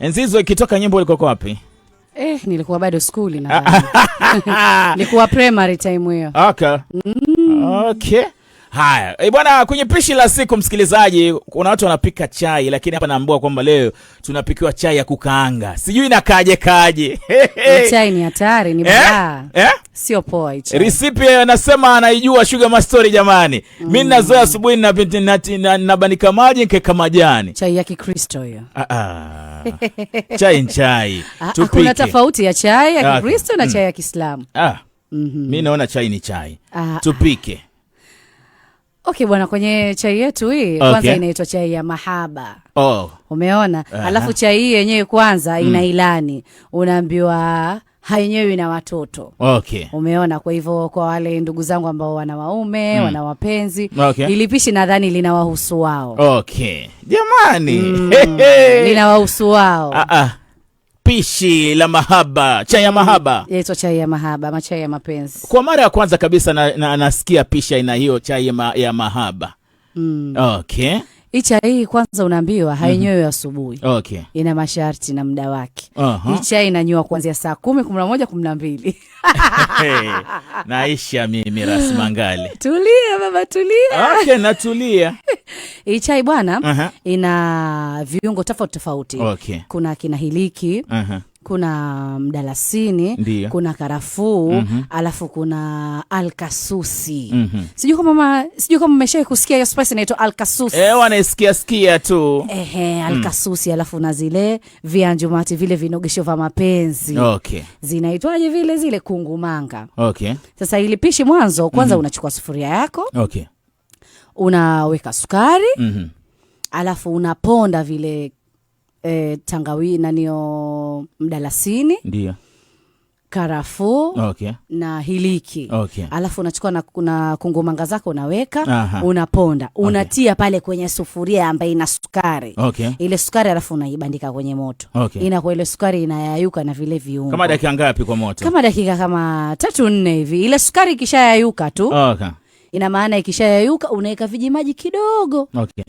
Enzi ikitoka nyimbo ulikuwa wapi? Eh, nilikuwa bado skuli na Nilikuwa primary time hiyo. Okay. Mm. Okay. Haya e bwana, kwenye pishi la siku msikilizaji, kuna watu wanapika chai, lakini hapa naambua kwamba leo tunapikiwa chai ya kukaanga, sijui na kaje kaje. Chai ni hatari, ni eh? balaa eh? eh? Sio poa hicho. Risipi anasema anaijua Sugar Mastori. Jamani, mimi mm. nazoea asubuhi na, na, nabanika maji nikaweka majani. Chai ya Kikristo hiyo. Ah, ah. Chai ni chai, ah, tupike. Kuna tofauti ya chai ya Kikristo na mm. chai ya Kiislamu. Mhm. Mimi naona chai ni chai, tupike Okay bwana, kwenye chai yetu hii okay. Kwanza inaitwa chai ya mahaba oh. Umeona uh -huh. Alafu chai hii yenyewe kwanza mm. ina ilani, unaambiwa hayenyewe ina watoto okay. Umeona, kwa hivyo kwa wale ndugu zangu ambao wana waume mm. wana wapenzi okay. Ilipishi nadhani lina wahusu wao okay. Jamani mm. lina wahusu wao uh -uh pishi la mahaba, chai ya mahaba, yaitwa chai ya mahaba ama chai ya mapenzi. Kwa mara ya kwanza kabisa na, na, nasikia pishi aina hiyo chai ya, ma, ya mahaba mm. Okay hii kwanza unaambiwa hainyewi mm -hmm. asubuhi. Okay. Ina masharti na muda wake. uh -huh. Hii chai inanywa kuanzia saa kumi, kumi na moja, kumi na mbili. Naisha mimi rasmangali Tulia baba, tulia. Okay, natulia. Hii chai bwana uh -huh. ina viungo tofauti tofauti. Okay. Kuna kinahiliki uh -huh kuna mdalasini Ndiyo. kuna karafuu mm -hmm. alafu kuna alkasusi mm -hmm. sijui kama sijui kama umeshawahi kusikia hiyo spice inaitwa alkasusi. Eh, wanaisikia sikia tu ehe, mm. alkasusi mm. alafu na zile vianjumati vile vinogesho vya mapenzi okay. zinaitwaje vile zile kungumanga okay. Sasa ili pishi mwanzo kwanza, mm -hmm. unachukua sufuria yako okay. unaweka sukari mm -hmm. alafu unaponda vile eh, tangawi nanio mdalasini ndio karafuu okay. na hiliki okay. Alafu unachukua na, na kungumanga zako unaweka Aha. unaponda unatia okay. pale kwenye sufuria ambayo ina sukari okay. ile sukari alafu unaibandika kwenye moto okay. inakuwa ile sukari inayayuka na vile viungo. Kama dakika ngapi kwa moto? Kama dakika kama tatu nne hivi, ile sukari ikishayayuka tu okay. ina maana ikishayayuka unaweka vijimaji kidogo okay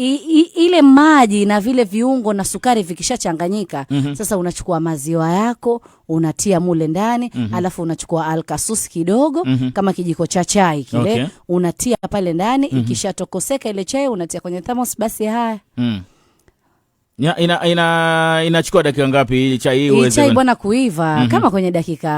I, i, ile maji na vile viungo na sukari vikishachanganyika, mm -hmm. Sasa unachukua maziwa yako unatia mule ndani mm -hmm. Alafu unachukua alkasus kidogo mm -hmm. kama kijiko cha chai kile okay. Unatia pale ndani mm -hmm. Ikishatokoseka ile chai unatia kwenye thermos, basi haya mm. Ina, ina, inachukua dakika ngapi hii chai uweze? Chai bwana kuiva mm -hmm. kama kwenye dakika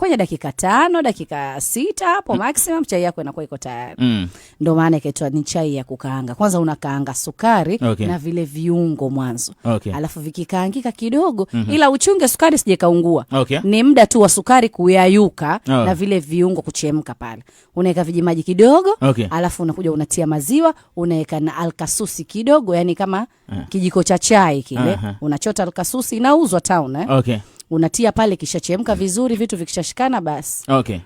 kwenye dakika tano dakika sita hapo maximum chai yako inakuwa iko tayari mm. ndo maana ikaitwa ni chai ya kukaanga. Kwanza unakaanga sukari okay. na vile viungo mwanzo okay. alafu vikikaangika kidogo mm -hmm. ila uchunge sukari sijekaungua okay. ni muda tu wa sukari kuyayuka oh. na vile viungo kuchemka pale, unaweka vijimaji kidogo okay. alafu unakuja unatia maziwa, unaweka na alkasusi kidogo, yani kama uh. kijiko cha chai kile uh -huh. unachota alkasusi, inauzwa town eh? okay unatia pale, kishachemka vizuri, vitu vikishashikana basi okay.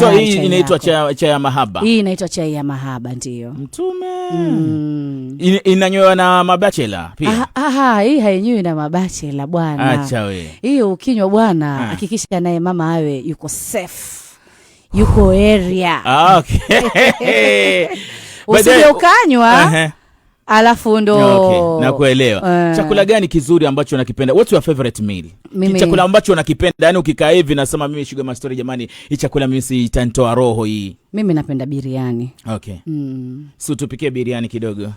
So hii inaitwa chai ya mahaba. Hii inaitwa chai ya mahaba ndio. Mtume. Mm. Inanywewa na mabachela pia. Ah, aha, hii hainywi na mabachela bwana. Acha we. Hii ukinywa bwana, ah. hakikisha naye mama awe yuko safe. Yuko area. Ah, okay. Usije eh, ukanywa. Uh-huh alafu ndo ah, okay. Nakuelewa. Uh, chakula gani kizuri ambacho unakipenda? What's your favorite meal? Mimi... chakula ambacho unakipenda, yani ukikaa hivi nasema mimi Sugar Mastery, jamani, hii chakula mimi si itanitoa roho hii. Mimi napenda biriani. Okay. Mm. So tupikie biriani kidogo.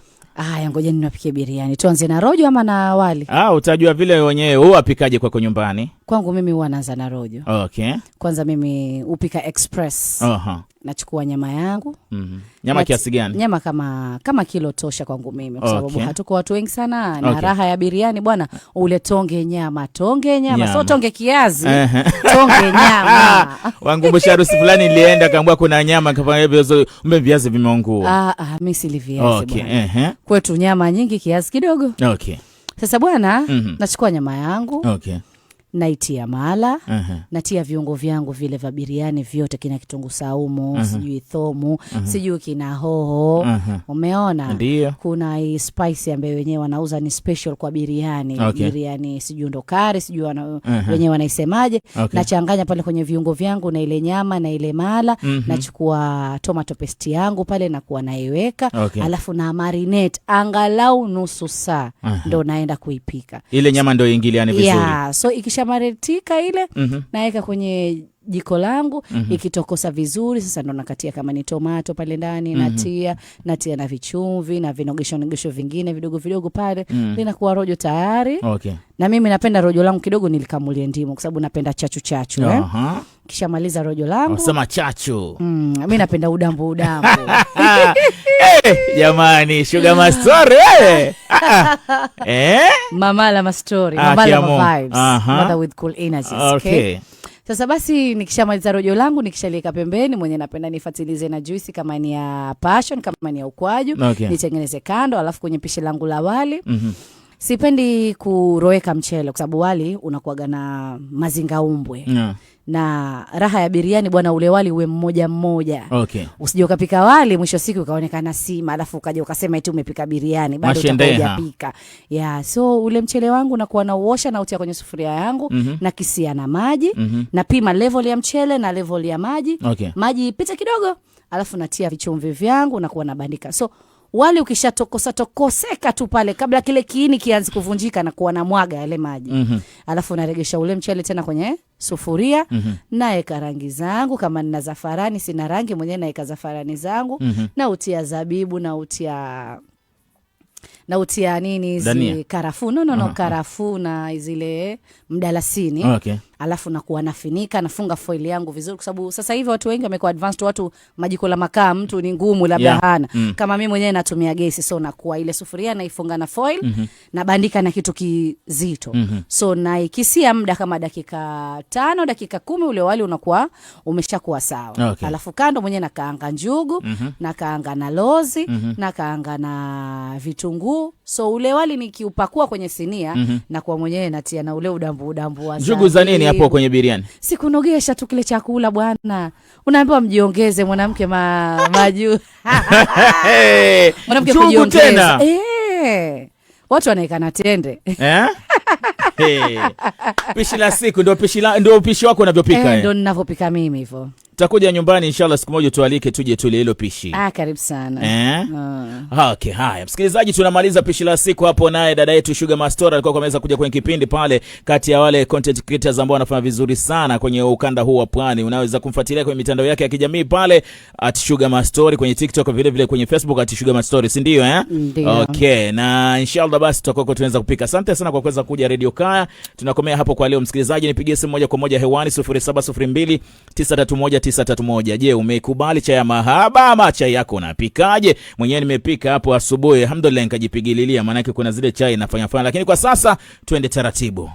Aya, ngoja niwapikie biriani. Tuanze na rojo ama na wali? Ah, utajua vile wenyewe. Wewe wapikaje kwako nyumbani? Kwangu mimi huwa naanza na rojo. Okay. Kwanza mimi hupika express. uh -huh. Nachukua nyama yangu. mm -hmm. Nyama kiasi gani? Nyama kama, kama kilo tosha kwangu mimi kwa sababu okay. Hatuko watu wengi sana na okay. Raha ya biriani bwana, ule tonge nyama, tonge nyama, nyama. So tonge kiazi uh -huh. Tonge nyama wangumbusha harusi fulani ilienda kaambua kuna nyama kumbe viazi vimeungua. ah, ah, mi sili viazi okay. uh -huh. Kwetu nyama nyingi kiasi kidogo okay. Sasa bwana mm -hmm. Nachukua nyama yangu okay naitia mala uh -huh. natia viungo vyangu vile vya biriani vyote, kina kitungu saumu uh -huh. sijui thomu uh -huh. sijui kina hoho uh -huh. umeona Ndiyo. kuna hii spice ambayo wenyewe wanauza ni special kwa biriani okay. biriani sijui ndokari sijui wana, uh -huh. wenyewe wanaisemaje okay. nachanganya pale kwenye viungo vyangu na ile nyama na ile mala uh-huh. nachukua tomato paste yangu pale nakuwa naiweka okay. alafu na marinate angalau nusu saa uh -huh. ndo naenda kuipika ile nyama ndo ingiliane vizuri yeah. so ikisha tamaretika ile mm -hmm. naweka kwenye jiko langu mm -hmm. Ikitokosa vizuri sasa ndo nakatia kama ni tomato pale ndani mm -hmm. Natia natia na vichumvi na vinogesho nogesho vingine vidogo vidogo pale mm -hmm. Linakuwa rojo tayari okay. Na mimi napenda rojo langu kidogo nilikamulie ndimu kwa sababu napenda chachu chachu uh -huh. Eh? Kisha maliza rojo langu sema chachu mm, mi napenda udambu udambu hey, eh, jamani Sugar Mastori wewe eh. eh? Mamala Mastori ah, Mamala ah, Vibes uh -huh. Mother with cool energies okay. okay. Sasa basi nikishamaliza rojo langu nikishalieka pembeni, mwenye napenda nifatilize na juisi kama ni ya passion, kama ni ya ukwaju okay, nitengeneze kando, alafu kwenye pishi langu la wali mm -hmm. Sipendi kuroweka mchele kwa sababu wali unakuaga na mazingaumbwe yeah. Na raha ya biriani bwana, ule wali uwe mmoja mmoja, okay. Usije ukapika wali mwisho siku ukaonekana sima, alafu ukaja ukasema eti umepika biriani, bado hujapika yeah. So ule mchele wangu nakuwa nauosha nautia kwenye sufuria yangu mm -hmm. na kisia na maji mm -hmm. Napima level ya mchele na level ya maji okay. Maji ipite kidogo, alafu natia vichumvi vyangu nakuwa nabandika so wali ukishatokosa tokoseka tu pale, kabla kile kiini kianze kuvunjika na kuwa na mwaga yale maji mm -hmm. Alafu unaregesha ule mchele tena kwenye sufuria mm -hmm. Naeka rangi zangu, kama nina zafarani, sina rangi mwenyewe naeka zafarani zangu mm -hmm. Nautia zabibu nautia nautia nini hizi karafuu nonono, uh -huh. Karafuu na zile mdalasini okay alafu nakuwa nafinika, nafunga foil yangu vizuri, kwa sababu sasa hivi watu wengi wamekuwa advanced. Watu majiko la makaa mtu ni ngumu, labda yeah. hana mm. kama mimi mwenyewe natumia gesi, so nakuwa ile sufuria naifunga na foil mm -hmm. nabandika na kitu kizito mm -hmm. so naikisia muda kama dakika tano dakika kumi, ule wali unakuwa umeshakuwa sawa okay. alafu kando mwenyewe nakaanga njugu mm -hmm. nakaanga na lozi mm -hmm. nakaanga na vitunguu, so ule wali nikiupakua kwenye sinia mm -hmm. nakuwa mwenyewe natia na ule udambu udambu wa njugu za nini nini hapo kwenye biriani? Sikunogesha tu kile chakula bwana, unaambiwa mjiongeze mwanamke ma, majuu mwanamke kujiongeza eh, watu wanaekana tende eh? Hey. Pishi la siku ndio pishi wako unavyopika eh, eh, ndio ninavyopika mimi hivyo takuja nyumbani inshallah, siku moja tualike tuje tule hilo pishi. Ah, karibu sana eh? Oh. Okay, haya msikilizaji, tunamaliza pishi la siku hapo, naye dada yetu Sugar Master alikuwa ameweza kuja kwenye kipindi pale, kati ya wale content creators ambao wanafanya vizuri sana kwenye ukanda huu wa pwani. Unaweza kumfuatilia kwenye mitandao yake ya kijamii pale at Sugar Master kwenye TikTok, vile vile kwenye Facebook at Sugar Master, si ndio eh? Okay, na inshallah basi tutakuwa tunaweza kupika. Asante sana kwa kuweza kuja Radio Kaya. Tunakomea hapo kwa leo msikilizaji, nipigie simu moja kwa moja hewani 0702 931 931. Je, umeikubali chai ya mahaba ama chai yako unapikaje? Mwenyewe nimepika hapo asubuhi, alhamdulillah, nikajipigililia, maanake kuna zile chai nafanya fanya, lakini kwa sasa twende taratibu